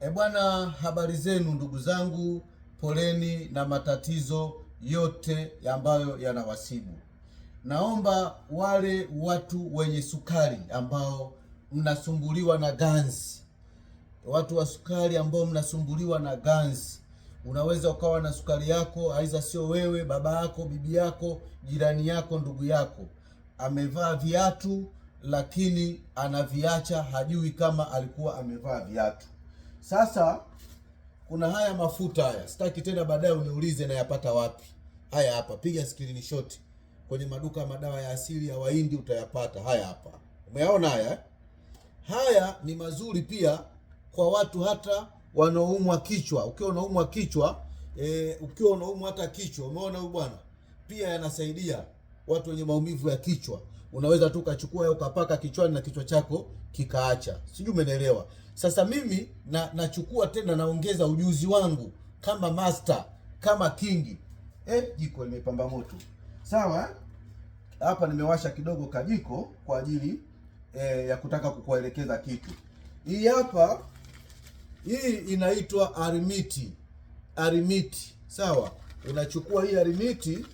E bwana, habari zenu ndugu zangu, poleni na matatizo yote ambayo yanawasibu. Naomba wale watu wenye sukari ambao mnasumbuliwa na ganzi, watu wa sukari ambao mnasumbuliwa na ganzi, unaweza ukawa na sukari yako, aidha sio wewe, baba yako, bibi yako, jirani yako, ndugu yako amevaa viatu lakini anaviacha, hajui kama alikuwa amevaa viatu. Sasa kuna haya mafuta haya, sitaki tena baadaye uniulize nayapata wapi. Haya hapa, piga screenshot kwenye maduka ya madawa ya asili ya Wahindi utayapata haya hapa. Umeyaona haya? Eh? Haya ni mazuri pia kwa watu hata wanaoumwa kichwa. Ukiwa unaumwa kichwa e, ukiwa unaumwa hata kichwa, umeona huyu bwana, pia yanasaidia watu wenye maumivu ya kichwa unaweza tu ukachukua ukapaka kichwani na kichwa chako kikaacha, sijui umeelewa. Sasa mimi na, nachukua tena naongeza ujuzi wangu kama master kama kingi. Eh, jiko limepamba moto sawa. Hapa nimewasha kidogo kajiko kwa ajili eh, ya kutaka kukuelekeza kitu. Hii hapa hii inaitwa arimiti, arimiti sawa. Unachukua hii arimiti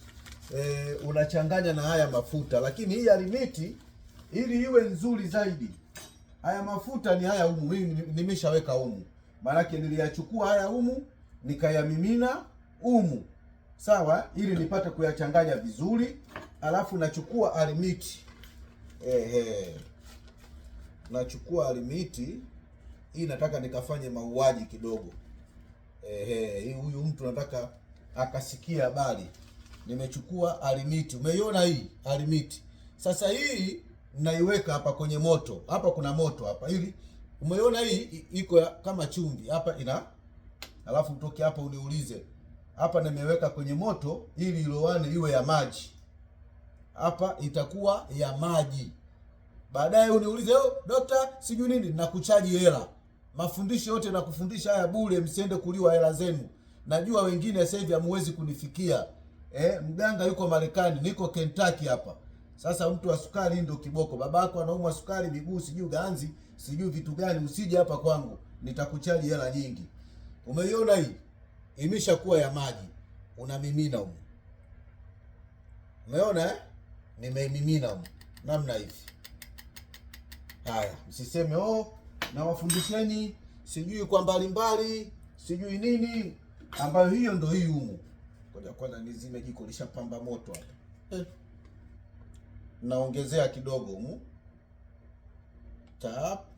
e, unachanganya na haya mafuta, lakini hii alimiti ili iwe nzuri zaidi, haya mafuta ni haya umu. Hii nimeshaweka umu, maanake niliyachukua haya umu nikayamimina umu, sawa, ili nipate kuyachanganya vizuri, alafu nachukua alimiti ehe, nachukua alimiti hii nataka nikafanye mauaji kidogo. Ehe, huyu mtu nataka akasikia habari nimechukua alimiti. Umeiona hii alimiti? Sasa hii naiweka hapa kwenye moto hapa, kuna moto hapa hili. umeiona hii iko kama chumvi hapa ina, alafu utoke hapa uniulize hapa. Nimeweka kwenye moto ili ilowane iwe ya maji, hapa itakuwa ya maji. Baadaye uniulize oh, dokta, sijui nini, nakuchaji hela. Mafundisho yote nakufundisha haya bure, msiende kuliwa hela zenu. Najua wengine sasa hivi hamuwezi kunifikia eh, mganga yuko Marekani, niko Kentucky hapa. Sasa mtu wa sukari ndio kiboko, babako anaumwa sukari, miguu sijui ganzi sijui vitu gani, usije hapa kwangu, nitakuchaji hela nyingi. Umeiona hii imeshakuwa ya maji, unamimina huko. Umeona eh? Nimeimimina huko namna hivi. Haya, msiseme oh, na wafundisheni sijui kwa mbalimbali sijui nini, ambayo hiyo ndio hii humu. Ngoja kwanza nizime jiko lishapamba moto hapa. Eh. Naongezea kidogo mu. Tap.